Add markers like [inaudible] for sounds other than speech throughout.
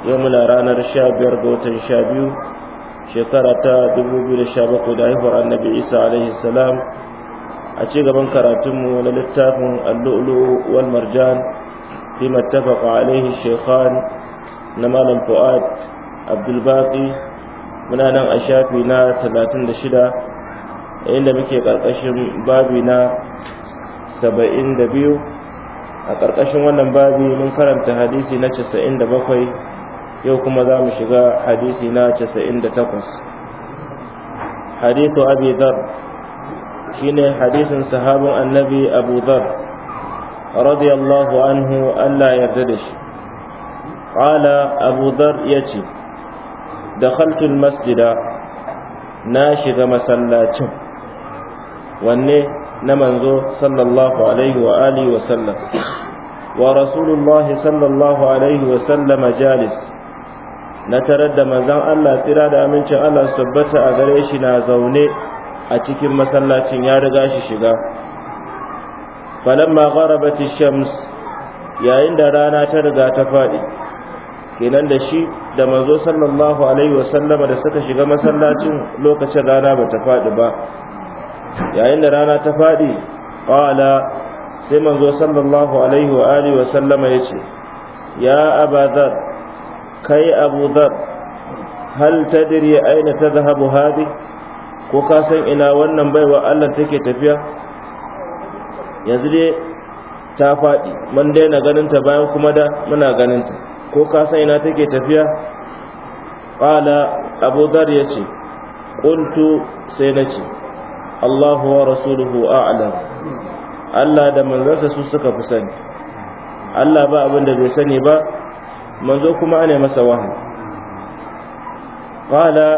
yau muna ranar sha biyar ga watan sha biyu shekara ta dubu biyu da sha bakwai da haihuwar annabi isa alaihi salam a ci gaban karatunmu na littafin allu'ulu wal marjan fi mattafaqa alaihi shekhan na malam fu'ad abdulbaqi muna nan a shafi na talatin da shida inda muke karkashin babi na saba'in da biyu a karkashin wannan babi mun karanta hadisi na casa'in da bakwai yau kuma za mu shiga hadisi na 98 hadithu abi dhar shine hadisin sahabin annabi abu dhar radiyallahu anhu Allah yarda da shi qala abu dhar yace dakhaltu almasjida na shiga masallacin wanne na manzo sallallahu alaihi wa alihi wa sallam wa rasulullahi sallallahu alaihi wa sallama jalis na tarar da manzan Allah tsira da amincin Allah su tabbata a gare shi na zaune a cikin masallacin ya riga shi shiga falamma gharabati shams yayin da rana ta riga ta faɗi kenan da shi da manzo sallallahu alaihi wasallama da suka shiga masallacin lokacin rana ba ta faɗi ba yayin da rana ta faɗi qala sai manzo sallallahu alaihi wa alihi wasallama ya ce ya abadar kai abu zar hal tadri aina tadhhabu hadi ko ka san ina wannan baiwa Allah take tafiya yanzu dai ta faɗi mun daina ganin ta bayan kuma da muna ganin ta ko ka san ina take tafiya qala abu ya yace qultu sai nace Allahu wa rasuluhu a'lam Allah da manzansa su suka fi sani Allah ba abin da bai sani ba manzo kuma ana masa wahayi qala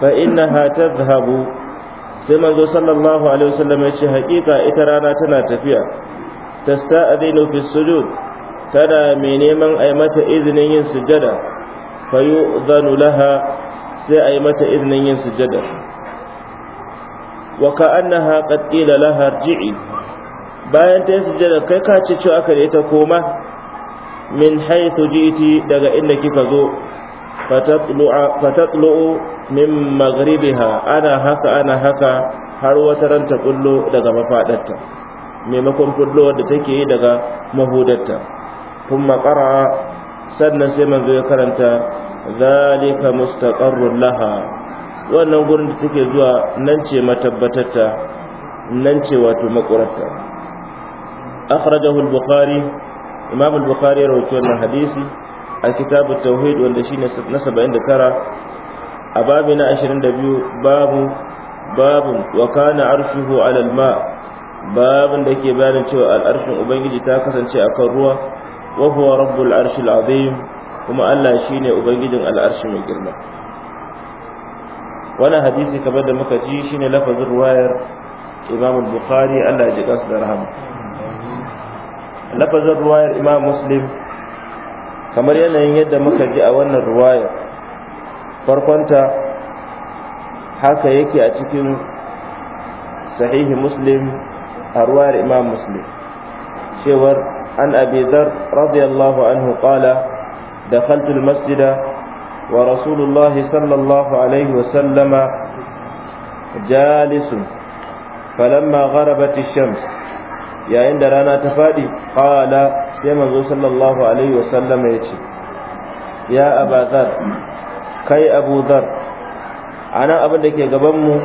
fa innaha tadhhabu sai manzo sallallahu alaihi wasallam ya ce haƙiƙa ita rana tana tafiya tasta'dinu fi sujud tana mai neman ai mata izinin yin sujada fa yu'dhanu laha sai ai mata izinin yin sujada wa ka'annaha qad qila laha irji'i bayan ta yi sujada kai ka ce cewa aka da ita koma min haythu ji'ti daga inda kika zo fatatlu'u min maghribiha ana haka ana haka har wata ran ta kullo daga mafadarta maimakon kullo da take yi daga mahudarta kuma qara'a sannan sai manzo ya karanta zalika mustaqarrun laha wannan gurin da take zuwa nan ce matabbatarta nan ce wato makurarta akhrajahu al-bukhari imam al-bukhari ya rawaito wannan hadisi a kitabu tauhid wanda shine na 79 a babu na 22 babu babu wa kana arshuhu ala al-ma babun da ke bayanin cewa al-arshin ubangiji ta kasance akan ruwa wa huwa rabbul arshil azim kuma Allah shine ubangijin al-arshi mai girma wannan hadisi kamar da muka ji shine lafazin ruwayar imam al-bukhari Allah ya ji kansa da rahama lafazin ruwayar imam muslim kamar yanayin yadda muka ji a wannan ruwaya farkonta haka yake a cikin sahihi muslim a ruwayar imam muslim cewar an abi radiyallahu anhu da dakhaltu almasjida wa rasulullah sallallahu alaihi wa sallama jalisun falamma gharabat shams yayin da rana ta faɗi qala sai manzo sallallahu alaihi wasallam ya ce ya abazar kai abu dhar ana abin da ke gaban mu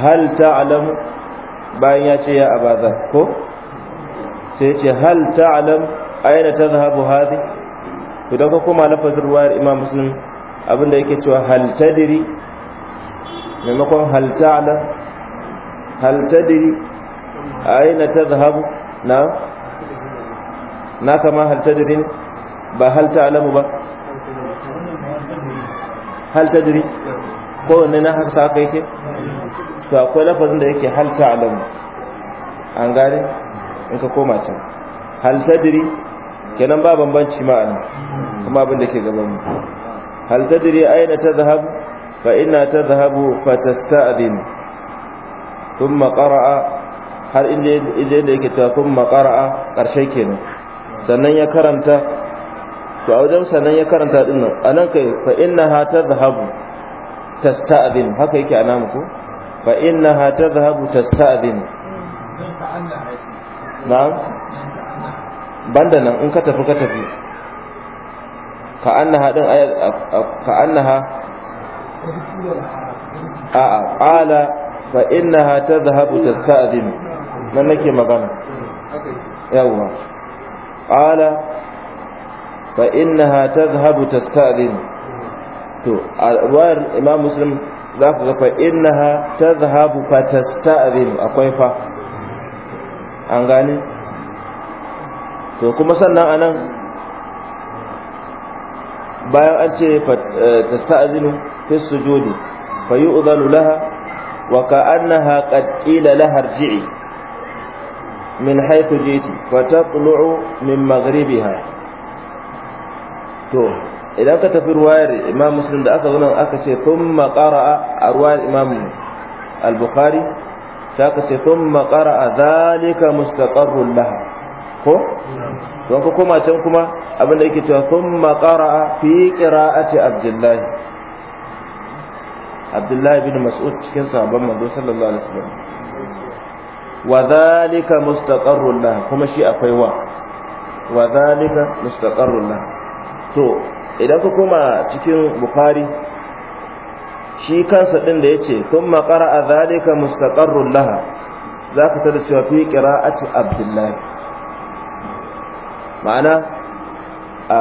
hal ta'lam bayan ya ce ya abazar ko sai ya ce hal ta'lam aina tadhhabu hadi to dan kuma lafazin ruwayar imam muslim abin da yake cewa hal tadri maimakon hal ta'lam hal tadri aina tadhhabu na na kama hal tadri ba hal ta'lamu ba hal tadri ko ne na haka kai ke to akwai lafazin da yake hal ta'lamu an gare in ka koma can hal tadri kenan ba bambanci ma'ana kuma abin da ke gaban mu hal tadri aina tadhhabu fa inna tadhhabu fatasta'dhin thumma qara'a har inda da yake cewa kun makara'a ƙarshe kenan sannan ya karanta to a wajen sannan ya karanta din nan anan kai fa ta tadhhabu tasta'zin haka yake a namu ko fa ta tadhhabu tasta'zin na'am banda nan in ka tafi ka tafi ka annaha din ka annaha a'a qala fa innaha tadhhabu tasta'dhin nan nake magana yawwa qala fa innaha tadhhabu tasta'dhin to wayar imam muslim za ku ga fa innaha tadhhabu fa tasta'dhin akwai fa an gane to kuma sannan anan bayan an ce eh, tasta'dhinu fi sujudi fa yu'dhalu laha wa ka'annaha qad qila laha irji'i min haiku jeti fata tulu'u min maghribiha to idan ka tafi ruwayar imam muslim da aka zo nan aka ce thumma qara'a a ruwayar imam al-bukhari sai aka ce thumma a dhalika mustaqarrun laha ko don ka koma can kuma abin da yake cewa thumma a fi qira'ati abdullahi abdullahi bin mas'ud cikin sahabban manzo sallallahu alaihi wasallam wa zalika mustaqarrun lah kuma shi akwai wa wa zalika mustaqarrun lah to idan ku koma cikin bukhari shi kansa din da yace kuma qara'a zalika mustaqarrun laha zaka tada cewa fi qira'ati abdullahi ma'ana a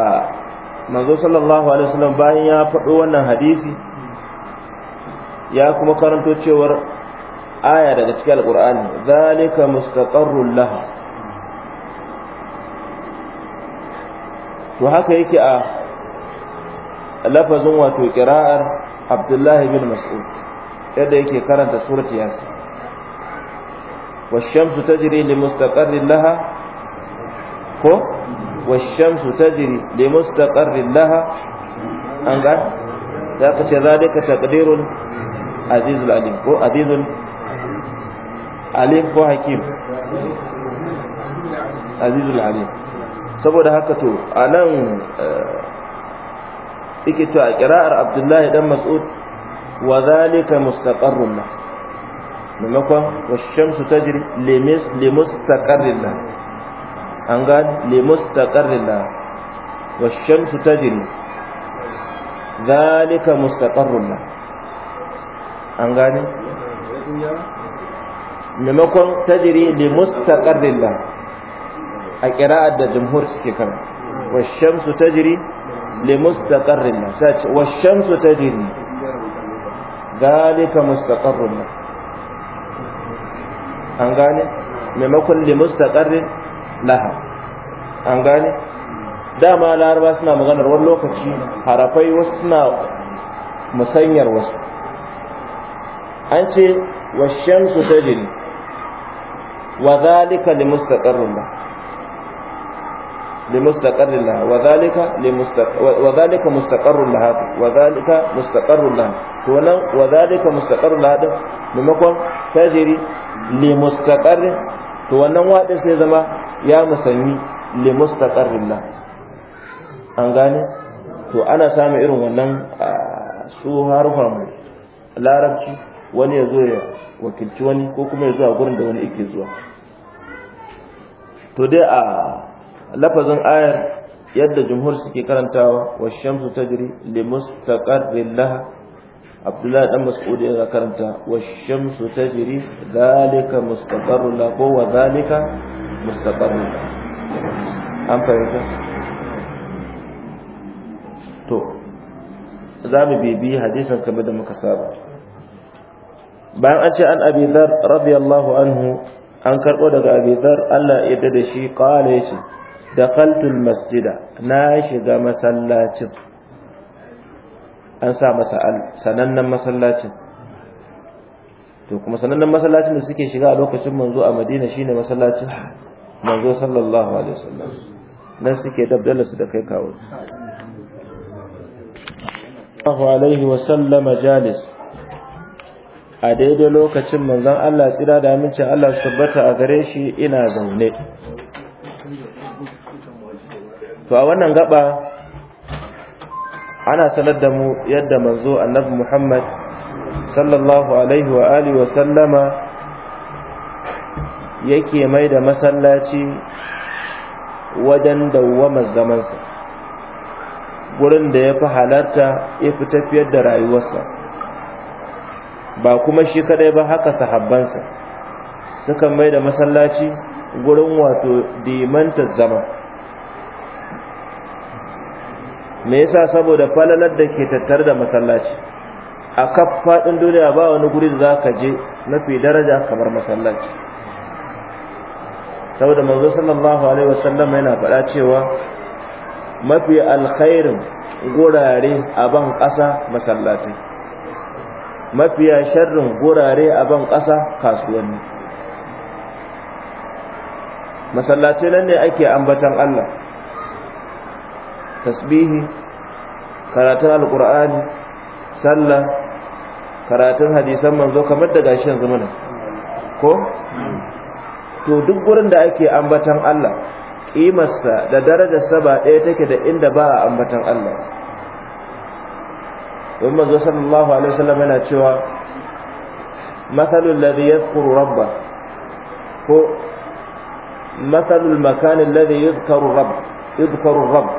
manzo sallallahu alaihi wasallam bayan ya faɗo wannan hadisi ya kuma karanto cewar aya daga cikin alqur'ani zalika mustaqarrul laha to haka yake a lafazin wato qira'ar abdullahi bin mas'ud yadda yake karanta surati yasin والشمس تجري لمستقر لها ko والشمس تجري لمستقر لها an ga za ka ce za dai ka azizul alim ko azizul alim ko hakim azizul alim saboda haka to a nan ike eh, to a kira'ar abdullahi dan mas'ud wa zalika mustaqarrun la maimakon wasu tajri limis limustaqarrin la an ga limustaqarrin la wasu tajri zalika mustaqarrun la an gane maimakon tajiri da mustaqarrin da a ƙira'ar da jumhur suke kan wa su tajiri da mustaqarrin la sai wa shamsu tajri dalika mustaqarrun da. an gane maimakon da mustaqarrin laha an gane dama laraba suna maganar wani lokaci harafai wasu suna musanyar wasu an ce wa su tajiri wa zalika li mustaqarrin ba li mustaqarrin wa zalika li wa zalika wa zalika to nan wa zalika din tajiri sai zama ya musanni li mustaqarrin la. an gane to ana samu irin wannan ah, su harfan larabci wani ya zo ya wakilci wani ko kuma ya zuwa gurin da wani ike zuwa to dai a lafazin ayar yadda jumhur suke karantawa wa shamsu tajri li mustaqarrin laha Abdullahi dan Mas'ud ya karanta wa shamsu tajri zalika mustaqarrun la ko wa zalika mustaqarrun an fahimta to za mu bibi hadisin kamar da muka saba bayan an ce an abidar radiyallahu anhu an karbo daga abidar Allah ya da shi qala yace dakhaltul masjida na shiga masallacin an sa masa sanannen masallacin to kuma sanannen masallacin da suke shiga a lokacin manzo a Madina shine masallacin manzo sallallahu alaihi wasallam nan suke dabdala su da kai kawo sallallahu alaihi wasallam jalis a daidai lokacin manzon Allah tsira da amincin Allah su tabbata a gare shi ina zaune to a wannan gaba ana sanar da mu yadda manzo annabi Muhammad sallallahu alaihi wa alihi wa sallama yake mai da masallaci wajen dawwamar zamansa gurin da ya fi halarta ya fi tafiyar da rayuwarsa ba kuma shi kadai ba haka sahabbansa suka mai da masallaci gurin wato dimanta zama me yasa saboda falalar da ke tattare da masallaci a kaf fadin duniya ba wani guri da za ka je mafi daraja kamar masallaci saboda manzo sallallahu alaihi wasallam yana faɗa cewa mafi alkhairin gurare a ban ƙasa masallatai mafiya sharrin gurare a ban ƙasa kasuwanni masallace nan ne ake ambatan Allah tasbihi karatun alƙur'ani sallah karatun hadisan manzo kamar da gashi yanzu mana ko to duk gurin da ake ambatan Allah ƙimarsa da darajarsa ba ɗaya take da inda ba a ambatan Allah don manzo sallallahu alaihi wasallam yana cewa mathalul ladhi yadhkuru rabba ko mathalul makan alladhi yadhkuru rabb yadhkuru rabb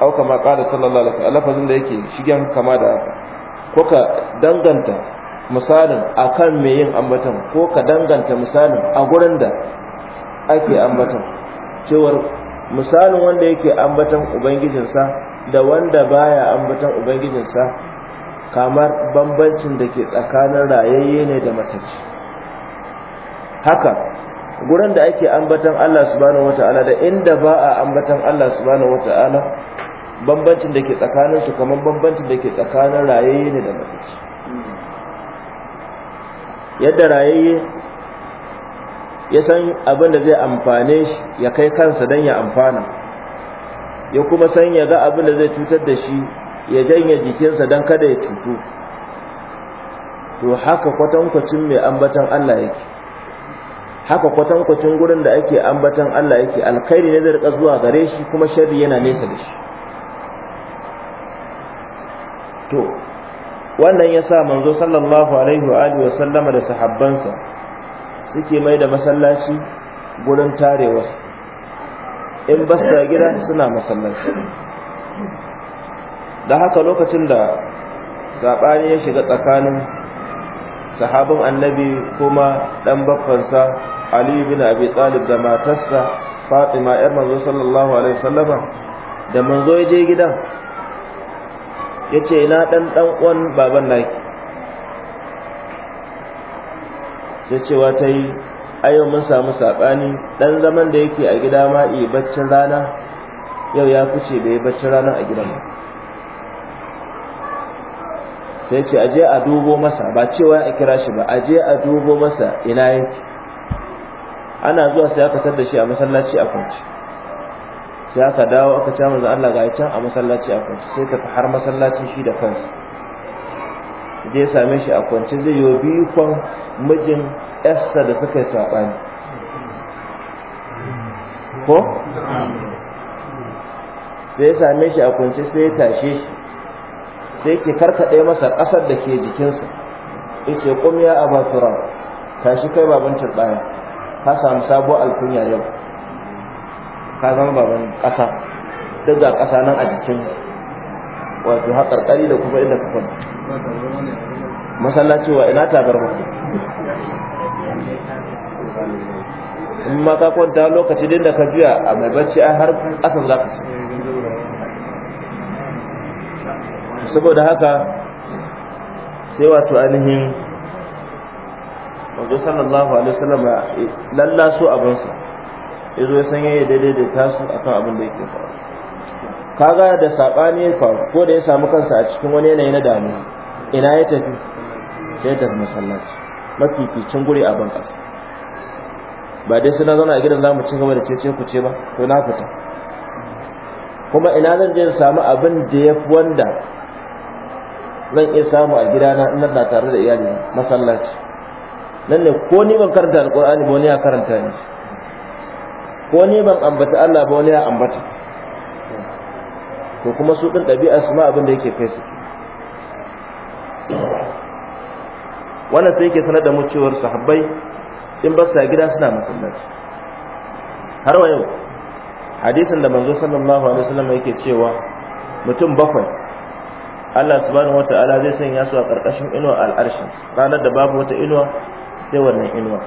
au kama qala sallallahu alaihi wasallam lafazin da yake shigen kama da haka ko ka danganta misalin akan me yin ambatan ko ka danganta misalin a gurin da ake ambatan cewar misalin wanda yake ambatan ubangijinsa da wanda baya ambaton ubangijinsa kamar bambancin da ke tsakanin rayayye ne da matacce haka gurin da ake ambaton Allah subhanahu wata'ala da inda ba a ambaton Allah subhanahu wata'ala bambancin da ke tsakanin su kamar bambancin da ke tsakanin rayayye ne da matacce yadda rayayye ya san abin da zai amfane shi ya kai kansa don ya amfana ya kuma san ya ga abin da zai cutar da shi ya janye jikinsa don kada ya cutu to haka kwatankwacin mai ambatan Allah yake haka kwatankwacin gurin da ake ambatan Allah yake alkhairi ne zai zuwa gare shi kuma sharri yana nesa da shi to wannan ya sa manzo sallallahu alaihi wa alihi wa sallama da sahabbansa suke mai da masallaci gurin tarewarsa in ba su gida suna masallaci da haka lokacin da saɓani ya shiga tsakanin sahabin annabi kuma ɗan baffansa ali bin abi talib da matarsa fatima yar manzo sallallahu alaihi wasallama da manzo ya je gidan ya ce ina ɗan ɗan uwan baban naki sai cewa ta yi a yau mun samu saɓani ɗan zaman da yake a gida ma iya eh, baccin rana yau ya fice bai baccin rana a gidan ba sai ce aje a dubo masa ba cewa a kira shi ba aje a dubo masa ina yake ana zuwa sai aka tar da shi a masallaci a kwanci sai aka dawo aka ce manzo Allah ga can a masallaci a kwanci sai ka har masallacin shi da kansa je same shi a kwance zai yi bikon mijin yarsa da suka yi saɓani ko sai ya same shi a kunce sai ya tashe shi sai ke karkaɗe masa ƙasar da ke jikinsa ya ce ƙumiya a batura tashi kai babin turɓaya ka samu sabuwar alkunya yau ka zama baban ƙasa duk da ƙasa nan a jikin wato haƙarƙari da kuma inda ka kwanta masallaci wa ina tabarma in ma ka kwanta lokaci din da ka biya a mai bacci a har asan za ka saboda haka sai wato ainihin manzo sallallahu alaihi wasallam lalla su abin su. yazo ya sanya ya daidai da tasu akan abin da yake faru kaga da sabani ya faru ko da ya samu kansa a cikin wani yanayi na damuwa ina ya tafi shaidar masallaci mafi mafificin guri a ban ba dai suna zauna a gidan za mu ci gaba da cece ku ce ba to na fita kuma ina zan je samu abin da ya fi wanda zan iya samu a gidana in na tare da iyali masallaci nan ne ko ni ban karanta alkur'ani ba wani ya karanta ni ko ni ban ambata Allah ba wani ya ambata to kuma su din ɗabi'a su ma abin da yake kai su wannan sai yake sanar da mu cewar sahabbai in ba sa gida suna masallaci har wa yau hadisin da manzo sallallahu alaihi wasallam yake cewa mutum bakwai Allah subhanahu wataala zai sanya su a karkashin inuwa al'arshin ranar da babu wata inuwa sai wannan inuwa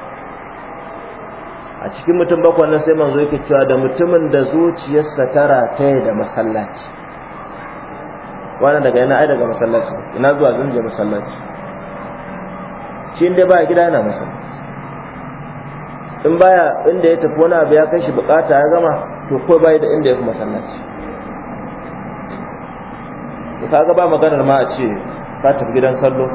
a cikin mutum bakwai nan sai manzo yake cewa da mutumin da zuciyarsa tara ta da masallaci wannan daga yana ai daga masallaci ina zuwa je masallaci shi inda ba gida yana masa in baya inda ya tafi wani abu ya kai shi bukata ya gama to ko bai da inda ya fi masallaci kaga ba maganar ma a ce ka tafi gidan kallo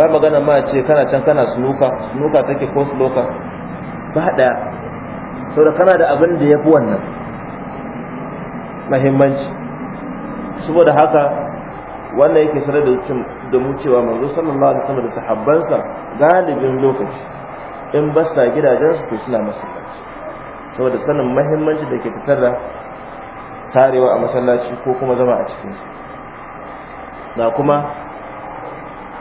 ba maganar ma a ce kana can kana sunuka sunuka take ko sunuka? ba daya saboda kana da abin da ya fi wannan mahimmanci saboda haka wannan yake sanar da da mu cewa manzo sallallahu alaihi wasallam da sahabbansa galibin lokaci in ba sa gidajensu to suna masallaci saboda sanin muhimmanci da ke fitar da tarewa a masallaci ko kuma zama a su na kuma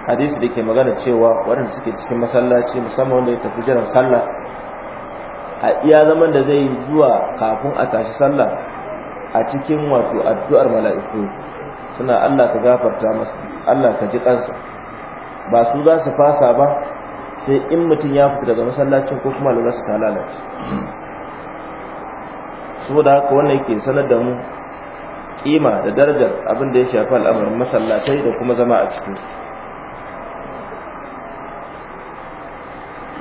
hadisi da ke magana cewa waɗanda suke cikin masallaci musamman wanda ya tafi jiran sallah a iya zaman da zai zuwa kafin a tashi sallah a cikin wato addu'ar mala'iku suna Allah ka gafarta masa Allah ka ji kansa ba su za su fasa ba sai in mutum ya fita daga masallacin ko kuma lura su ta lalace so da haka wannan yake sanar da mu kima da darajar abin da ya shafi al'amarin masallatai da kuma zama a cikin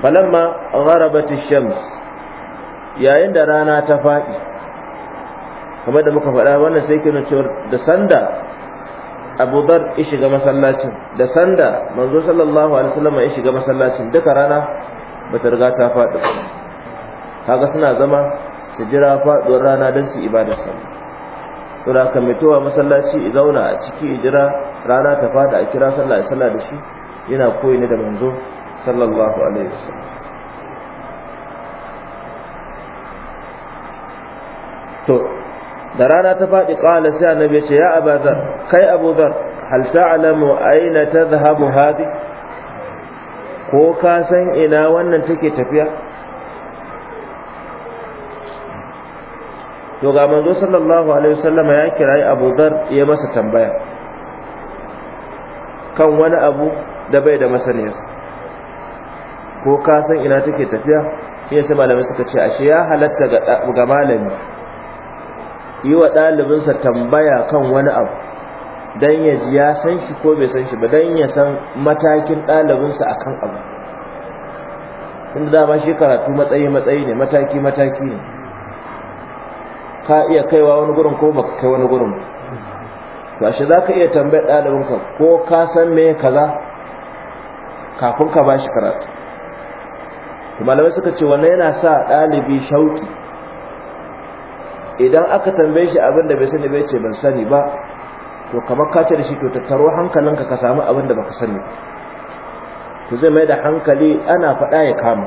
balamma gharabati shams yayin da rana ta faɗi kamar da muka faɗa wannan sai kina cewa da sanda Abu Dhar ya shiga masallacin da sanda manzo sallallahu alaihi wasallam ya shiga masallacin duka rana bata riga ta faɗi kaga suna zama su jira faɗuwar rana don su ibadar sallah to da kan mitowa masallaci ya zauna a ciki i jira rana ta faɗi a kira sallah ya sallah da shi yana koyi ne da manzo sallallahu alaihi wasallam to da rana ta faɗi ƙala sai annabi ya ce ya abazar kai abuzar hal ta'lamu aina tadhhabu hadi ko ka san ina wannan take tafiya to ga manzo sallallahu alaihi wasallam ya kirayi abuzar ya masa tambaya kan wani abu da bai da masaniyarsa ko ka san ina take tafiya sai malamai suka ce ashe ya halatta ga malami yi wa ɗalibinsa tambaya kan wani abu don ya ji ya san shi ko bai san shi ba don ya san matakin ɗalibinsa a kan abu inda dama shi karatu matsayi-matsayi ne mataki-mataki ne ka iya kaiwa wani gurin ko baka kai wani gurin ba shi za ka iya tambayar ɗalibinka ko ka san me kaza kafin ka ba shi karatu malamai suka ce wannan yana sa ɗalibi shauƙi idan aka tambaye shi abin da bai sani bai ce ban sani ba to kamar ka ce da shi to tattaro hankalinka ka samu abin da baka sani to zai mai da hankali ana faɗa ya kama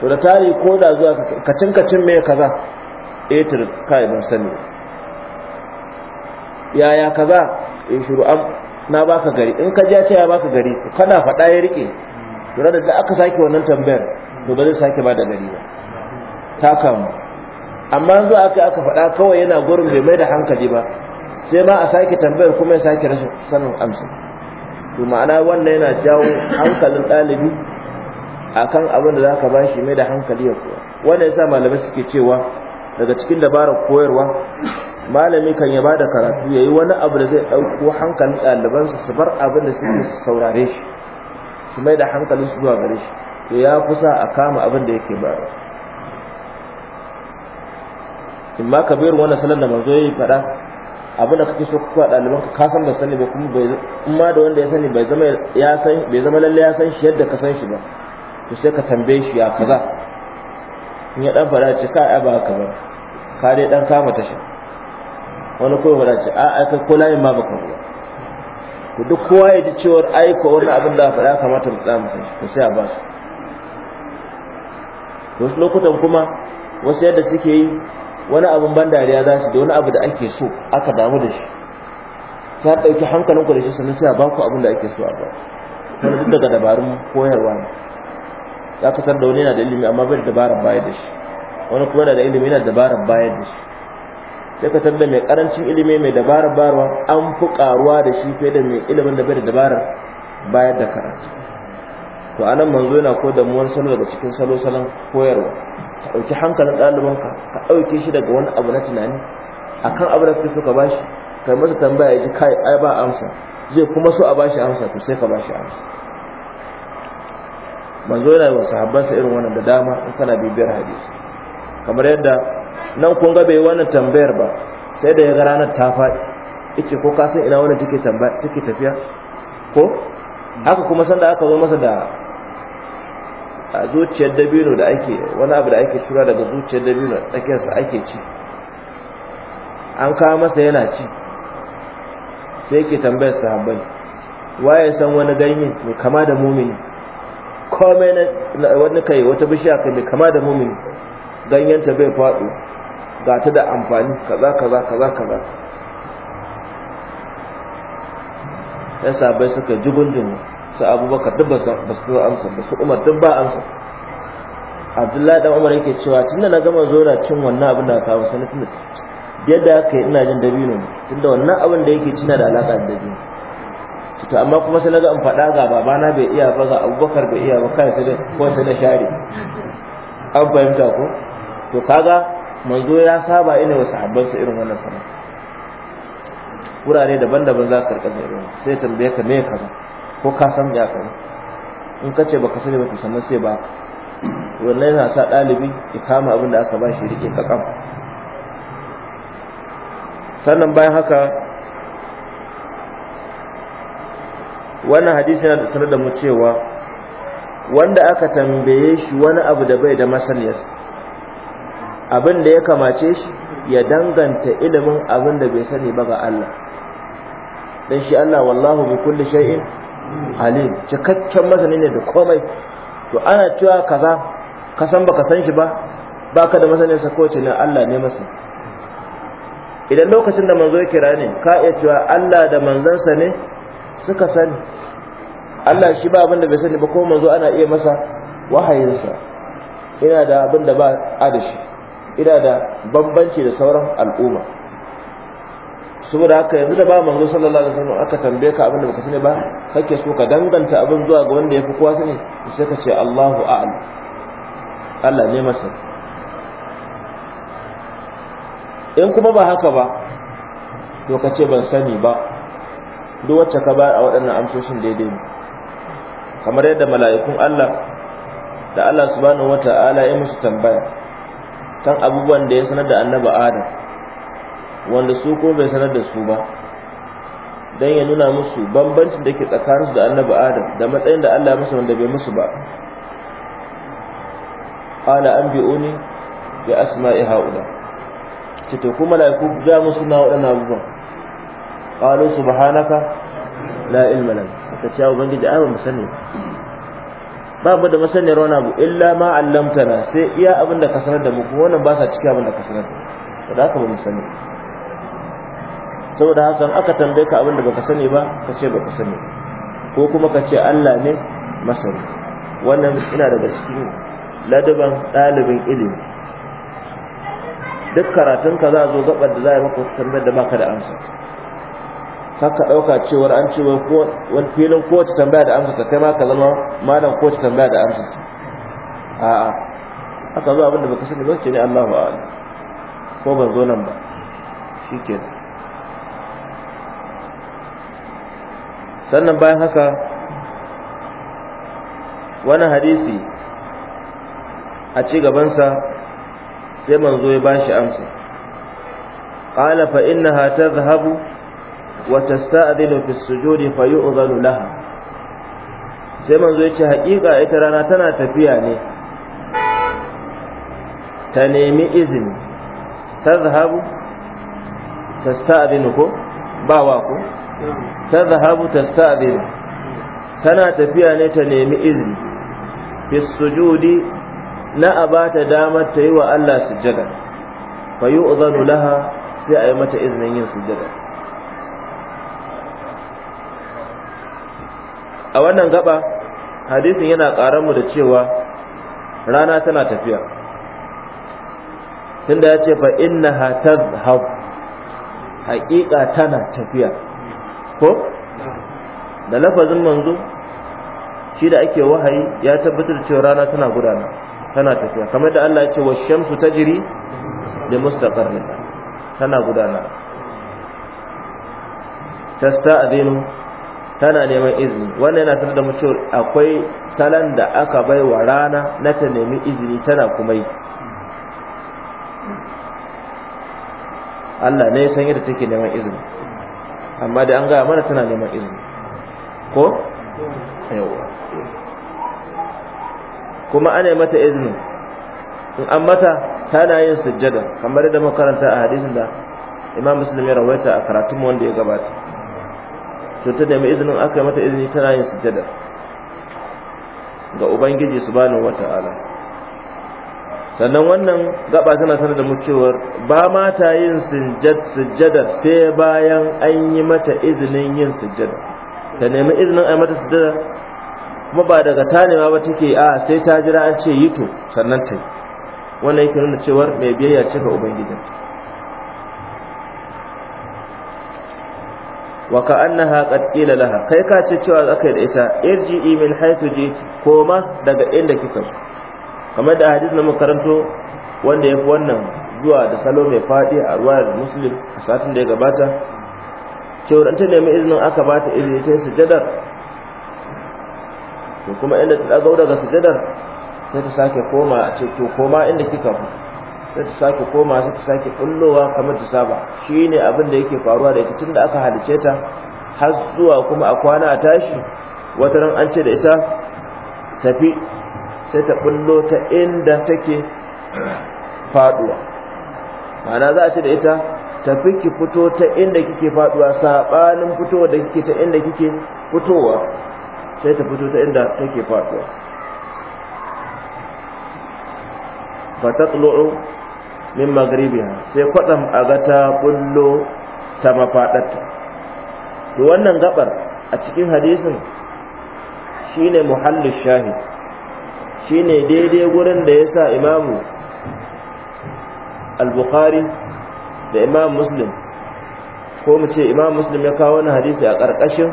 to da tari ko da zuwa kacin kacin mai kaza etir eh kai ban sani yaya kaza in eh shiru am na baka gari in ka ja ce ya baka gari kana faɗa ya rike to da aka sake wannan tambayar to ba zai sake ba da gari ba ta kamu amma zuwa aka aka faɗa kawai yana gurin bai mai da hankali ba sai ma a sake tambayar kuma ya sake rashin sanin amsa to ma'ana wannan yana jawo hankalin ɗalibi akan abin da zaka shi mai da hankali ya koya wannan yasa malamai suke cewa daga cikin dabarar koyarwa malami kan ya bada karatu ya yi wani abu da zai ɗauko hankalin ɗalibansa su bar abin da suke saurare shi su mai da hankalin su zuwa gare shi to ya kusa a kama abin da yake bayarwa in ma ka bayar wannan salon da manzo ya faɗa abin da kake so ku faɗa ka san ba sani ba kuma bai in ma da wanda ya sani bai zama ya san bai zama lalle ya san shi yadda ka san shi ba to sai ka tambaye shi ya kaza in ya dan faɗa ce ka ai ba ka ba ka dai dan kama tashi wani kowa faɗa ce a ai kai ko layin ma baka ruwa ku duk kowa ya ji cewar ai ko wannan abin da faɗa kamata mu tsaya mu san shi to sai a ba su wasu lokutan kuma wasu yadda suke yi wani abin ban dariya za su da wani abu da ake so aka damu da shi sai ɗauki hankalin ku da shi sannan sai a baku abin da ake so a baku. wani duk daga dabarun koyarwa ne Ya kasar da wani yana da ilimi amma bai da dabarar bayar da shi wani kuma yana da ilimi yana da dabarar bayar da shi sai ka da mai karancin ilimi mai dabarar bayarwa an fi karuwa da shi fiye da mai ilimin da bai da dabarar bayar da karatu to anan manzo yana ko da salo daga cikin salo salon koyarwa ka ɗauki hankalin ɗalibanka ka ɗauke shi daga wani abu na tunani akan abu da kake ka bashi kai masa tambaya ji kai ai ba amsa zai kuma so a bashi amsa to sai ka bashi amsa manzo yana wa sahabbansa irin wannan da dama in kana bibiyar hadisi kamar yadda nan kun ga bai wannan tambayar ba sai da ya ga ranar ta faɗi yace ko ka san ina wannan take tambaya take tafiya ko haka kuma sanda aka zo masa da a zuciyar dabino da ake wani abu da ake tura daga zuciyar dabino tsakiyarsa ake ci an kawo masa yana ci sai ke tambayar sahabbai waye san wani ganye mai kama da mumini komai na wani kai wata bishiya kai mai kama da mumini ganyenta bai faɗo ga ta da amfani kaza kaza kaza kaza ya sahabbai suka jigundun su abubakar duk ba su amsa ba su umar duk ba amsa abdullahi dan umar yake cewa tunda na gama zo cin wannan abin da kawo sani tunda yadda aka yi ina jin dabino ne tunda wannan abin da yake cina da alaƙa da dabino to amma kuma sai naga in faɗa ga babana bai iya ba ga abubakar bai iya ba kai sai ko sai na share an fahimta ko to kaga manzo ya saba ina wasu habban sa irin wannan sana wurare daban-daban za ka karɓa irin sai tambaye ka me kaza ko ka san ya kai in ka ce baka sani ba to sannan sai ba wannan yana sa ɗalibi ya kama abin da aka ba shi rike kakam sannan bayan haka wannan hadisi yana da sanar da mu cewa wanda aka tambaye shi wani abu da bai da masaniyarsa abin da ya kamace shi ya danganta ilimin abin da bai sani ba ga Allah dan shi Allah wallahu bi kulli shay'in alim cikakken masani ne da komai to ana cewa kaza ka san baka san shi ba baka da masani sa ko ne Allah ne masa idan lokacin da manzo ya kira ne ka iya cewa Allah da sa ne suka sani Allah shi ba abin bai sani ba ko manzo ana iya masa wahayinsa ina da abin ba a ina da bambanci da sauran al'umma saboda haka yanzu da ba manzo sallallahu alaihi wasallam aka tambaye ka abin da baka sani ba kake so ka danganta abin zuwa ga wanda yafi kowa sani sai ka ce Allahu a'lam Allah ne masa in kuma ba haka ba to ka ce ban sani ba duk wacce ka ba a waɗannan amsoshin daidai ne kamar yadda mala'ikun Allah da Allah subhanahu wata'ala ya musu tambaya kan abubuwan da ya sanar da annabi Adam wanda su ko bai sanar da su ba dan ya nuna musu bambancin da ke tsakanin su da annabi adam da matsayin da Allah musu wanda bai musu ba ala anbi'uni bi asma'i haula ce to kuma laiku ga musu na wadannan abubuwan qalu subhanaka la ilma lana ka ce ubangiji ai ba mu sani ba mu da masaniyar wani abu illa ma allamtana sai iya abin da ka sanar da mu kuma wannan ba sa cikin abin da ka sanar da haka ba mu sani saboda haka in aka tambaye ka abin da baka sani ba ka ce baka sani ko kuma ka ce Allah ne masani wannan ina daga cikin ladaban dalibin ilimi duk karatun ka za a zo gabar da za a maka tambayar da baka da amsa haka ɗauka cewar an ce wani filin ta tambaya da amsa ta kai ma ka zama malam ta tambaya da amsa a'a haka zo abin da baka sani ba ce ne Allahu a'lam ko ban zo nan ba shikenan sannan bayan haka wani hadisi a ci gabansa sai manzo ya ba shi amsa qala fa innaha tadhhabu wa tasta'dhinu fi sujudi fa yu'dhanu laha sai manzo ya ce haƙiƙa ita rana tana tafiya ne ta nemi izini tadhhabu tasta'dhinu ko ba wa ko ta zahabu ta tana tafiya ne ta nemi izini fi sujudi na a ba ta damar ta yi wa Allah sujada fa yi laha sai a yi mata izinin yin sujada a wannan gaba hadisin yana mu da cewa rana tana tafiya tunda ya ce fa innaha tazhab haƙiƙa tana tafiya ko da lafazin manzo shi da ake wahayi ya tabbatar cewa rana tana gudana tana tafiya kamar da Allah ya ce washamsu tajri li mustaqarrin tana gudana tasta'dinu tana neman izini wannan yana sanar da mu cewa akwai salan da aka bai wa rana na ta nemi izini tana kuma yi Allah ne ya san yadda take neman izini amma da an gaya mana tana neman izini ko yawa kuma ana mata izini in an mata tana yin sujjada kamar da makaranta a hadisin da imam muslim ya rawaita a karatun wanda ya gabata to ta nemi izinin aka yi mata izini tana yin sujjada ga ubangiji subhanahu wata'ala sannan wannan gaba tana sanar da mu cewar ba ma ta yin sujjada sai bayan an yi mata izinin yin sujjada ta nemi izinin a mata sujjada kuma ba daga ta nema ba take a sai ta jira an ce yi to sannan ta yi wannan yake nuna cewar mai biyayya ce ga ubangiji wa ka annaha qad qila laha kai ka ce cewa zakai da ita irji min haythu jiti koma daga inda kika kamar da hadis na makaranto wanda ya fi wannan zuwa da salo mai faɗi a ruwayar muslim a satin da ya gabata cewar an ta nemi izinin aka ba ta izini ta sujadar to kuma inda ta ɗagau daga sujadar sai ta sake koma a ce to koma inda kika fi sai ta sake koma sai ta sake kullowa kamar ta saba shi ne abin da yake faruwa da ita tun da aka halice ta har zuwa kuma a kwana a tashi wata ran an ce da ita tafi sai ta bullo ta inda take faduwa mana za a ce da ita tafi ki fito ta inda kike faduwa sabanin fitowa da kike ta inda kike fitowa sai ta fito ta inda take faduwa ta fatatlu'u min magribiya sai kwadam aga ta bullo ta mafadarta to wannan gabar a cikin hadisin shine muhallin shahid shine daidai gurin da ya sa imamu al-bukhari da imam muslim ko mu ce imam muslim ya kawo wani hadisi a ƙarƙashin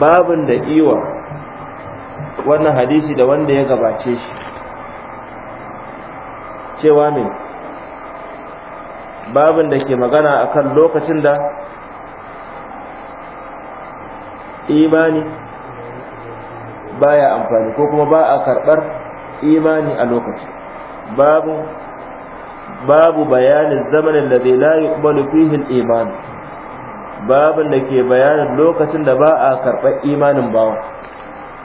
babin da iwa wannan hadisi da wanda ya gabace shi cewa min babin da ke magana akan lokacin da imani baya amfani ko kuma ba a karɓar imani a lokaci babu babu bayanin zamanin da zai layi ƙubalu fihin babin da ke bayanin lokacin da ba a karɓar imanin bawa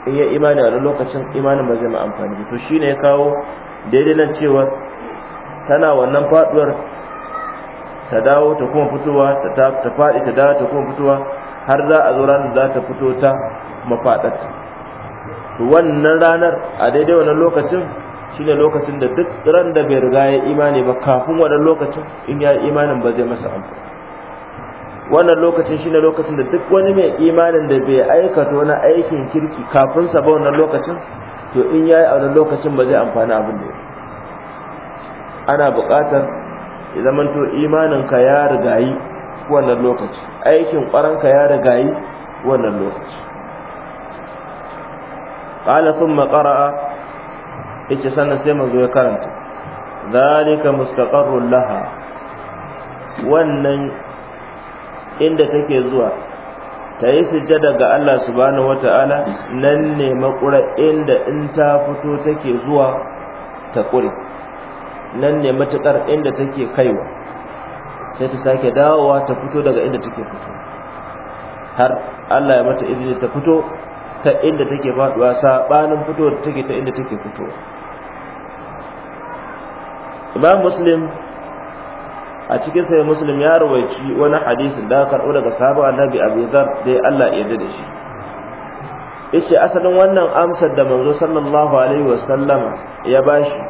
in yi imani a lokacin imanin ba zai ma amfani to shi ne ya kawo daidai nan cewa tana wannan faɗuwar ta dawo ta kuma fitowa ta faɗi ta dawo ta kuma fitowa har za a zo ranar za ta fito ta mafaɗarta to wannan ranar a daidai wannan lokacin shine lokacin da duk ran da bai riga ya imani ba kafin wannan lokacin in ya imanin ba zai masa amfani wannan lokacin shine lokacin da duk wani mai imanin da bai aikata wani aikin kirki kafin sa ba wannan lokacin to in yayi a wannan lokacin ba zai amfana abin da ana buƙatar ya zama to imanin ka ya rigayi wannan lokaci aikin ƙwaranka ya rigayi wannan lokaci qala thumma qara'a yace sannan sai manzo ya karanta zalika mustaqarrul laha wannan inda take zuwa ta yi sujjada ga Allah subhanahu wata'ala nan ne makura inda in ta fito take zuwa ta kure nan ne matukar inda take kaiwa sai ta sake dawowa ta fito daga inda take fito har Allah ya mata izini ta fito ta inda take faduwa sabanin fitowar take ta inda take fitowa imam muslim a cikin sai muslim ya rawaici wani hadisin da karɓo daga sahaba annabi abu zar da Allah ya yarda da shi yace asalin wannan amsar da manzo sallallahu alaihi wasallam ya bashi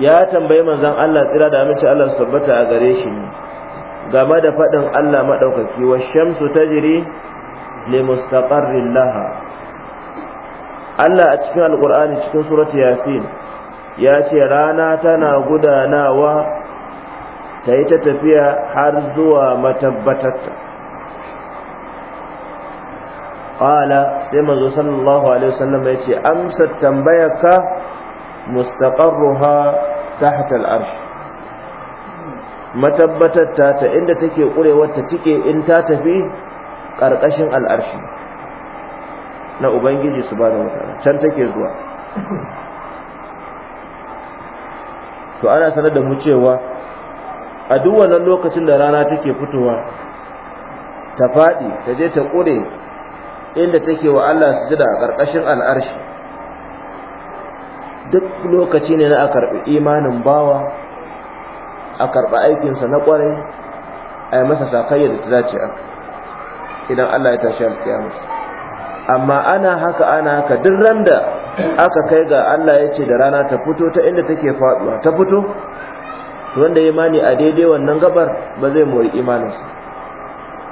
ya tambayi manzon Allah tsira da amince Allah su tabbata a gare shi game da faɗin Allah madaukaki wa shamsu tajri limustaqarrin laha Allah a cikin alkur'ani cikin surat yasin ya ce rana tana gudanawa ta yi ta tafiya har zuwa matabbatatta Qala sai mazo sallallahu alaihi wasallam ya ce amsa tambayarka mustaqarruha tahta al'arshi matabbatatta ta inda take kurewar ta tike in ta tafi ƙarƙashin al'arshi na ubangiji su ba da wata can take zuwa to ana sanar da mu cewa a duk wannan lokacin da rana take fitowa ta faɗi ta je ta ƙure inda take wa Allah su jida a ƙarƙashin al'arshi duk lokaci ne na a karɓi imanin bawa a karɓi aikinsa na ƙwarai a yi masa sakayyar da ta dace aka idan Allah ya tashi alƙiyama amma ana haka ana haka duk randa aka kai ga Allah ya ce da rana ta fito ta inda take faduwa ta fito wanda ya imani a daidai wannan gabar ba zai mori imaninsa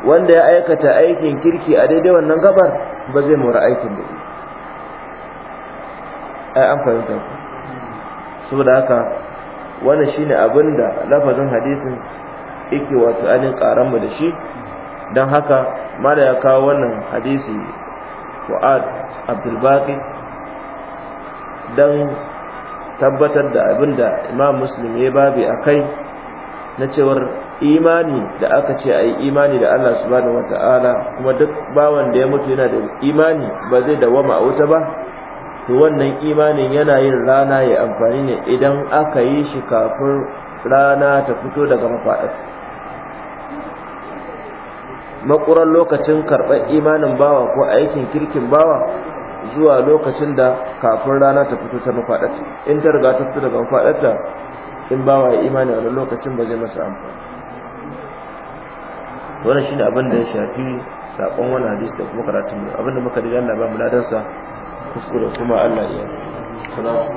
wanda ya aikata aikin kirki a daidai wannan gabar ba zai mori aikin da ai an fahimta ku saboda haka wannan shine abin da lafazin hadisin yake wato anin karan mu da shi don haka mada ya kawo wannan hadisi Fuad abdulbaki don tabbatar da abin da imam muslim ya babi a kai na cewar imani da aka ce a yi imani da allah subhanahu wata'ala kuma duk bawan da ya mutu yana da imani ba zai dawama a wuta ba to wannan imanin yana yin rana ya amfani ne idan aka yi shi kafin rana ta fito daga mafaɗa makuran lokacin karɓar imanin bawa ko aikin kirkin bawa zuwa lokacin da kafin rana ta fito ta mafaɗata in ta riga ta fito daga mafaɗata in bawa ya imani a lokacin ba zai masa amfani wannan shine abin da ya shafi saƙon wani hadisi da kuma karatun mu abin da muka riga Allah ba mu ladan sa kuskure kuma Allah ya salamu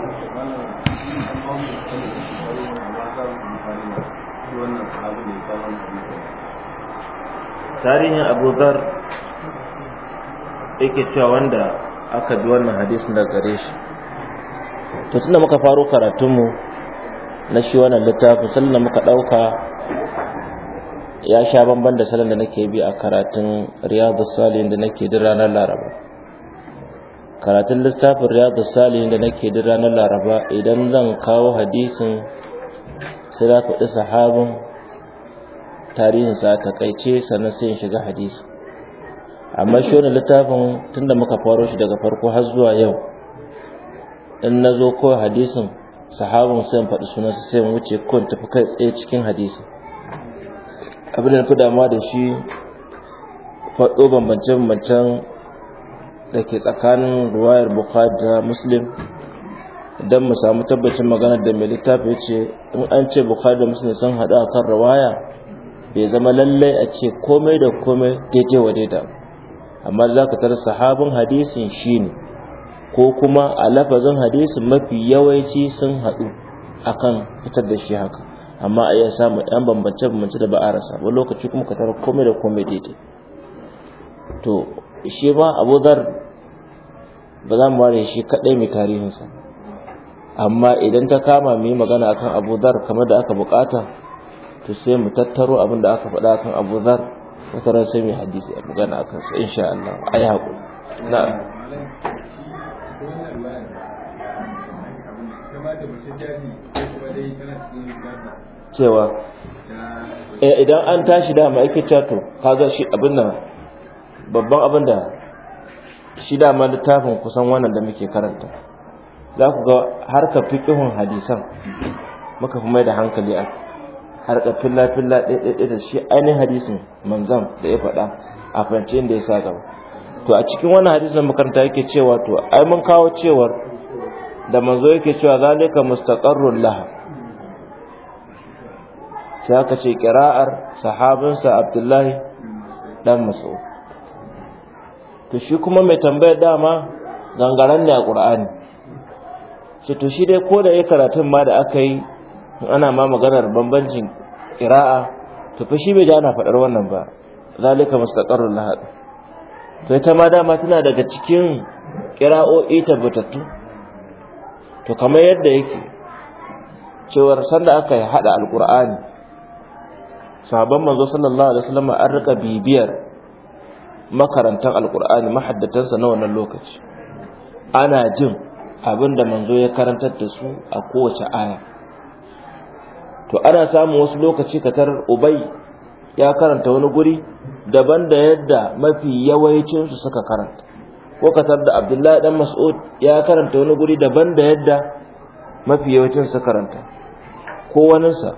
wannan tarihin abu zar yake cewa wanda aka bi wannan hadisin da gare shi to tunda muka faro karatunmu na shi wannan littafi sannan muka ɗauka ya sha banban da salon da nake bi a karatun riyadus salihin da nake din ranar laraba karatun littafin riyadus salihin da nake din ranar laraba idan zan kawo hadisin sai da faɗi sahabin tarihinsa ta kaice sannan sai in shiga hadisi amma shi wannan littafin tunda muka faro shi daga farko har zuwa yau in nazo ko hadisin sahabin sai in faɗi sunansa sai mu wuce ko in tafi kai tsaye cikin hadisi abin da na fi damuwa da shi faɗo bambance-bambancen da ke tsakanin ruwayar bukhari da muslim don mu samu tabbacin maganar da mai littafi ce in an ce bukhari da muslim sun haɗu a kan rawaya bai zama lallai a ce komai da komai daidai wa daidai. amma za ka tara sahabin hadisin shi ne ko kuma a lafazin hadisin mafi yawanci sun haɗu akan fitar da shi haka amma a iya samun ɗan bambance-bambance da ba a rasa wani lokaci kuma ka tara komai da komai daidai to shi ma abu zar ba za mu ware shi kaɗai mai tarihinsa amma idan ta kama mu magana akan abu zar kamar da aka bukata to sai mu tattaro abin da aka faɗa kan Abu Zar wata ran sai mu hadisi a magana akan su insha Allah ai haƙo na cewa eh, idan an tashi da ma'aikata to kaga shi abin nan babban abin da shi da dama littafin kusan wannan da muke karanta za ku ga harkar fiƙihun hadisan muka fi mai da hankali a harka filla filla ɗaya da shi ainihin hadisin manzan da ya faɗa a fahimci inda ya sa gaba to a cikin wannan hadisin makaranta yake cewa to ai mun kawo cewar da manzo yake cewa zalika mustaqarrul laha sai aka ce kira'ar sahabinsa abdullahi dan maso to shi kuma mai tambayar dama gangaren ne a ƙur'ani ce to shi dai ko da ya karatun ma da aka yi ana ma maganar bambancin kira'a to fa shi bai ji ana faɗar wannan ba zalika mustaqarrul lahad to ita ma dama tana daga cikin kira'o'i tabbatattu to kamar yadda yake cewar sanda aka yi hada alqur'ani sahabban manzo sallallahu alaihi wasallam an rika bibiyar makarantan alqur'ani mahaddatansa na wannan lokaci ana jin abinda manzo ya karantar da su a kowace aya to ana samun wasu lokaci katar ubai ya karanta wani guri daban da yadda mafi yawancin su suka karanta ko katar da abdullahi dan mas'ud ya karanta wani guri daban da yadda mafi yawancin su karanta ko waninsa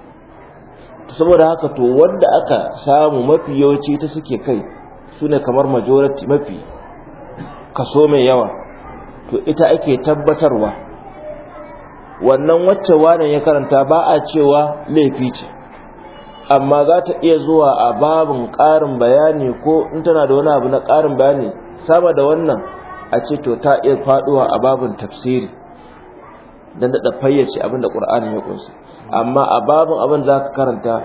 saboda haka to wanda aka samu mafi yawanci ta suke kai su ne kamar majority mafi kaso mai yawa to ita ake tabbatarwa wannan wacce wani ya karanta ba a cewa laifi ce amma za ta iya zuwa a babin ƙarin bayani ko in tana da wani abu na ƙarin bayani sama da wannan a ce to ta iya faɗuwa a babin tafsiri don da fayyace abin da ƙur'ani ya ƙunsa amma a babin abin za ka karanta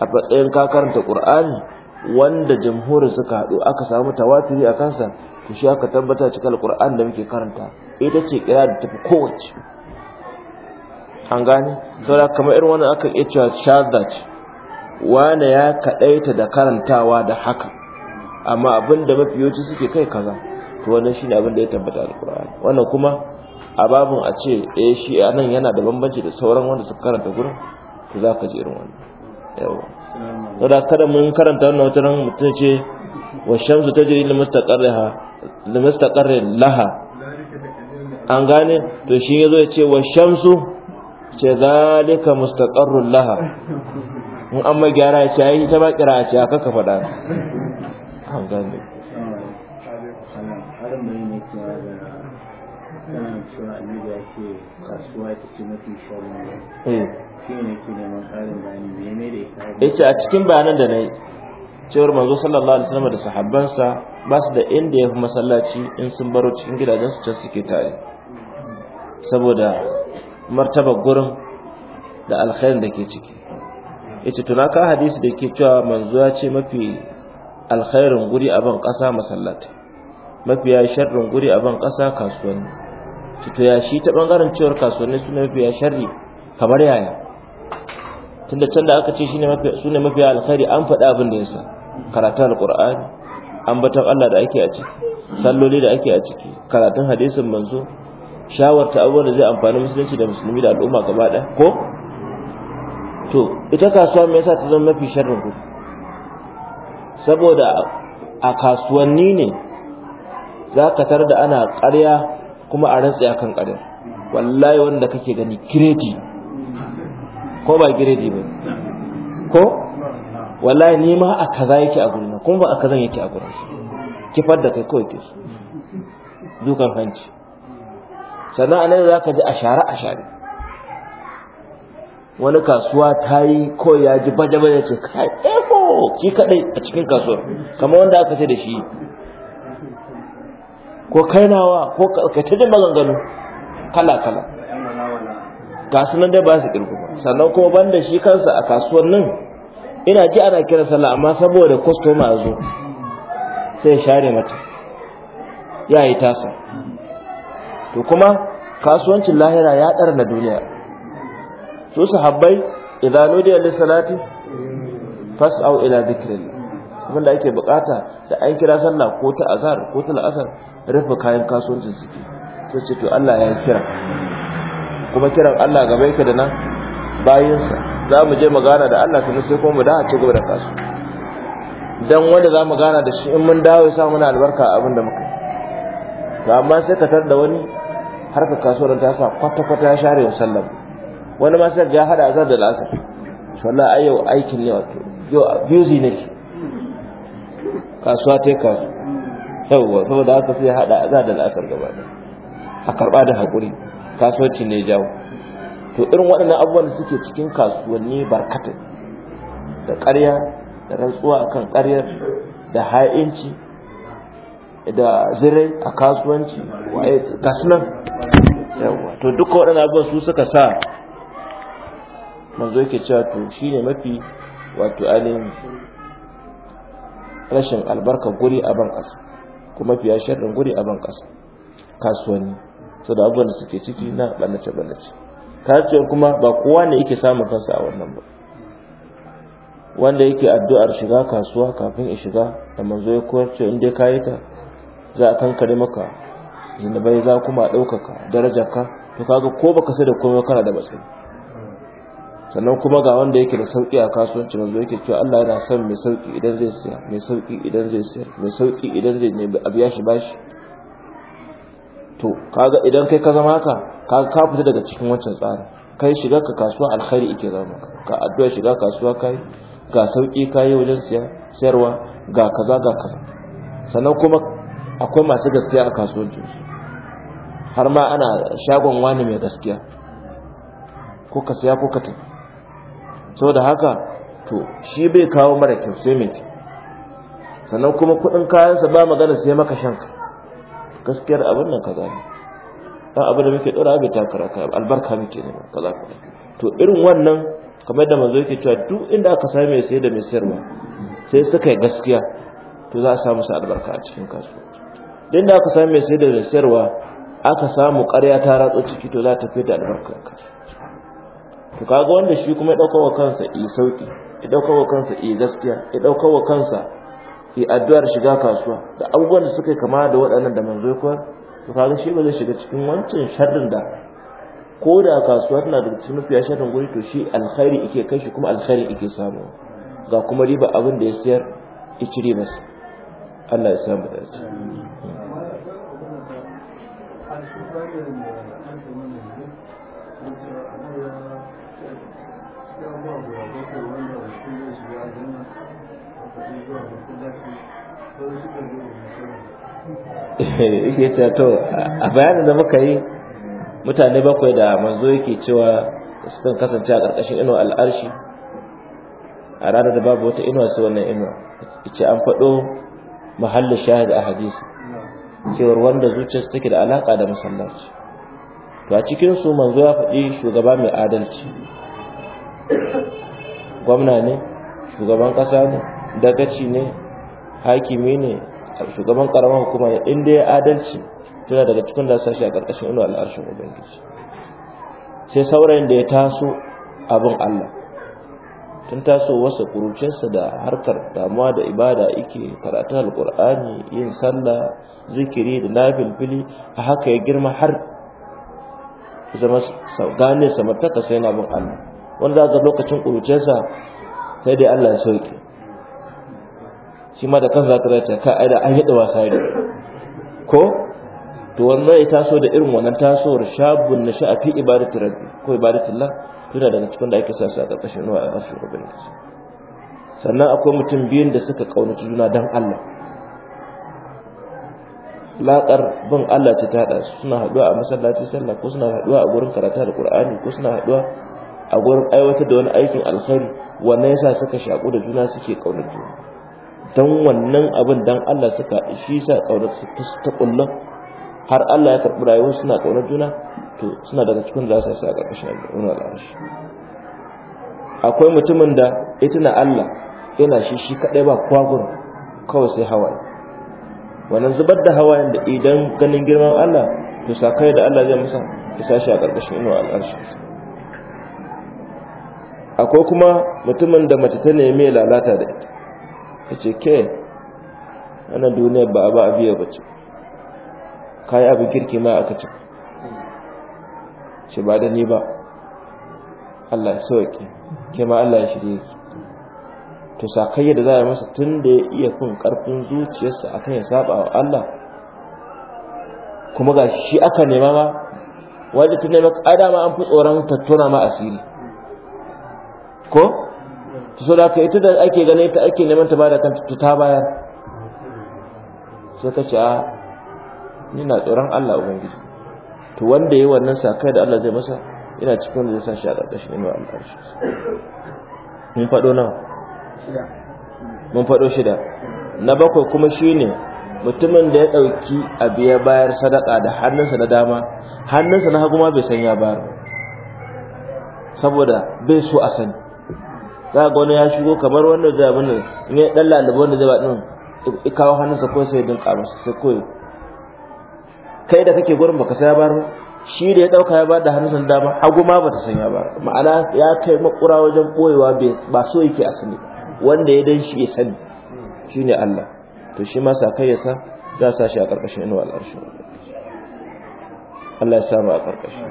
a matsayin ka karanta ƙur'ani wanda jamhurin suka haɗu aka samu tawatiri a kansa to shi aka tabbata cikin alƙur'an da muke karanta ita ce kira da tafi kowace an gane saboda kamar irin wannan akan iya cewa shadda wanda ya kadaita da karantawa da haka amma abin da mafiyoci suke kai kaza to wannan shine abin da ya tabbata alqur'ani wannan kuma a babun a ce eh shi anan yana da bambanci da sauran wanda suka karanta gurin to zaka ji irin wannan yawa saboda kada mun karanta wannan wata ran mutum ce wa shamsu tajri lil mustaqarriha lil mustaqarrin laha an gane to shi yazo ya ce wa shamsu ce zalika mustaqarrul laha in an mai gyara ya ce ai ta ba kira ce aka ka faɗa an gane yace eh. a cikin bayanan da na yi cewar manzo sallallahu alaihi wasallam da sahabbansa ba su da inda ya fi masallaci in sun baro cikin gidajensu can suke tare saboda martaba gurin da alkhairin da ke ciki ita to na ka hadisi da ke cewa manzo ya ce mafi alkhairin guri a ban ƙasa masallatai ya sharrin guri a ban ƙasa kasuwanni to ya shi ta bangaren cewar kasuwanni suna ya sharri kamar yaya tunda can da aka ce shine mafi sune mafi alkhairi an faɗi abin da yasa karatun alqur'ani ambaton Allah da ake a ciki salloli da ake a ciki karatun hadisin manzo shawarta abubuwan da zai amfani musulunci da musulmi da al'umma gaba ɗaya ko to ita kasuwa me yasa ta zama mafi sharrin ku saboda a kasuwanni ne za ka tar da ana ƙarya kuma a rantsi akan ƙarya wallahi wanda kake gani kireti ko ba giredi ba ko wallahi ni ma a kaza yake a gurin kuma ba a kazan yake a gurin kifar da kai kawai ke dukan hanci sannan anan za ka ji a share a share wani kasuwa ta yi ko ya ji baje-baje ce kai eho ki kadai a cikin kasuwar kamar wanda aka sai da shi ko kainawa ko ka ta jin maganganu kala-kala ga su nan dai ba su kirku ba sannan kuma banda shi kansa a kasuwar nan ina ji ana kira sallah amma saboda kwastoma zo sai share mata ya yi tasa to kuma kasuwancin lahira ya ɗara na duniya su sahabbai idan nudiya lissalati fas'au ila dhikrillah abin da ake bukata da an kira sallah ko ta Azar, ko ta la'asar rufe kayan kasuwancin suke sai ce to Allah ya kira kuma kiran Allah gaba yake da nan bayinsa za mu je magana da Allah sannan sai kuma mu da ci gaba da kasu dan wanda za mu gana da shi in mun dawo ya sa muna albarka abin da muka to amma sai ka tar da wani harkar kasuwar ta sa kwata-kwata ya share wa Sallama, wani ma sai ya hada azar da lasa to wallahi ai yau aikin ne wato yau busy nake kasuwa ta kasuwa yawwa saboda haka sai hada azar da lasa gaba da a karba da hakuri kasuwanci ne jawo to irin waɗannan abubuwan da suke cikin kasuwanni barkatai da ƙarya da rantsuwa akan ƙaryar da ha'inci da zirai a kasuwanci waye kasunan Yawwa, to duka waɗannan abubuwan su suka sa manzo yake cewa to shine mafi wato ainihin rashin albarka guri a ban ƙasa kuma fiya sharrin guri a ban ƙasa kasuwanni to da abubuwan da suke ciki na ɓallace-ɓallace kasuwar kuma ba kowa ne yake samun kansa a wannan ba wanda yake addu'ar shiga kasuwa kafin ya shiga da manzo ya koyar cewa in dai kayi ta za a kankare maka zunubai za kuma ɗaukaka ka? to kaga ko baka sai da komai kana da matsayi sannan kuma ga wanda yake da sauki a kasuwanci manzo yake cewa Allah yana son mai sauki idan zai siya mai sauki idan zai siya, mai sauki idan zai nemi a ya shi bashi to kaga idan kai ka zama haka kaga ka fita daga cikin wancan tsari kai shiga ka kasuwa alkhairi yake zama ka addu'a shiga kasuwa kai ga sauki kai wajen siya sayarwa ga kaza ga kaza sannan kuma akwai masu gaskiya a kasuwancinsu har ma ana shagon wani mai gaskiya ko ka siya ko ka tafi sau da haka to shi bai kawo mara kyau sai mai kyau sannan kuma kudin kayansa ba magana sai maka shanka gaskiyar abin nan kaza ne dan abin da muke dora bai takara ka albarka muke ne kaza kaza to irin wannan kamar da manzo yake cewa duk inda aka sami mai sai da mai sayarwa sai suka yi gaskiya to za a samu sa albarka a cikin kasuwa din da aka sami mai sayar da siyarwa, aka samu ƙarya ta ratso ciki to za ta fita albarkarka to kaga wanda shi kuma ya ɗauka wa kansa i sauki ya ɗauka wa kansa i gaskiya ya ɗauka wa kansa i addu'ar shiga kasuwa da abubuwan da suka kama da waɗannan da manzo kuwa to kaga shi ba zai shiga cikin wancan sharrin da ko da kasuwa tana da cikin mafiya sharrin guri to shi alkhairi yake kai shi kuma alkhairi yake samu ga kuma riba abin da ya sayar ya cire masa Allah ya samu dace [laughs] yake cewa to a bayanin da muka yi mutane bakwai da manzo yake cewa sukan kasance a ƙarƙashin inuwa al'arshi a ranar da babu wata inuwa su wannan inuwa ce an faɗo mahallin shahid a hadisi cewar wanda zuciyarsa take da alaka da musallaci, to a cikin su manzo ya faɗi shugaba mai adalci gwamna ne shugaban ƙasa ne dagaci ne hakimi ne shugaban karamar hukuma ne inda ya adalci tana daga cikin da sashi a ƙarƙashin inu al'arshin ubangiji sai saurayin da ya taso abin Allah tun taso wasa kurucinsa da harkar damuwa da ibada yake karatun alkur'ani yin sallah zikiri da nafil fili a haka ya girma har zama gane samartaka sai na bin Allah wanda za lokacin kurucinsa sai dai Allah ya sauke shi ma da kansa za ka zai ka aida an yada wasa ne ko to wannan ya taso da irin wannan tasowar shabun na sha'afi fi rabbi ko ibadatullah suna daga cikin da ake sa su a ƙarƙashin nuwa a ƙarshen ubangiji sannan akwai mutum biyun da suka ƙaunaci juna don allah laƙar bin allah ce ta haɗa suna haɗuwa a masallaci sallah ko suna haɗuwa a gurin karatu da ƙur'ani ko suna haɗuwa a gurin aiwatar da wani aikin alkhairi wannan yasa suka shaƙu da juna suke ƙaunar juna don wannan abin don allah suka shi sa ƙaunar su ta ƙullon har Allah ya karɓi rayuwar suna ƙaunar juna to suna daga cikin da za su yi a ƙarƙashin al'umma al'arshi akwai mutumin da ita na Allah yana shi shi kaɗai ba kwagun kawai sai hawaye wannan zubar da hawayen da idan ganin girman Allah to sakai da Allah zai masa isa shi a ƙarƙashin inuwa al'arshi akwai kuma mutumin da mace ta neme lalata da ita ya ce ke ana duniyar ba a ba a biya ba ce kayi abin kirki ma aka ci shi ba da ni ba Allah ya sauke ke ma Allah ya shirye su to sakayya da za a masa tun da ya iya kun karfin zuciyarsa akan ya saba wa Allah kuma ga shi aka nema ma wanda tun nema adama an fi tsoron tattuna ma asiri ko ta so da ita da ake ganin ta ake neman ta bada kanta ta bayar sai ka ce a ni na tsoron Allah ubangiji to wanda yayi wannan sakai da Allah zai masa ina cikin wanda zai sa shi a ƙarƙashin inuwa al'arshi mun faɗo nawa mun faɗo shida na bakwai kuma shine mutumin da ya ɗauki abu ya bayar sadaka da hannunsa na dama hannunsa na hagu ma bai san ya bayar saboda bai so a sani za ga wani ya shigo kamar wanda zai abin nan in ya ɗan lalaba wanda zai ba ɗin ikawo hannunsa ko sai dinka masa sai koyi kai da kake gurin baka sai ba shi da ya dauka ya ba da hannun dama hagu ma bata sanya ba ma'ana ya kai makura wajen boyewa ba so yake a sani wanda ya dan shi ya sani shine Allah to shi ma sa kai yasa za sa shi a karkashin inuwa al'arshi Allah ya samu a karkashi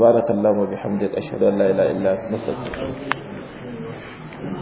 wa bihamdika ashhadu an la ilaha illa anta astaghfiruka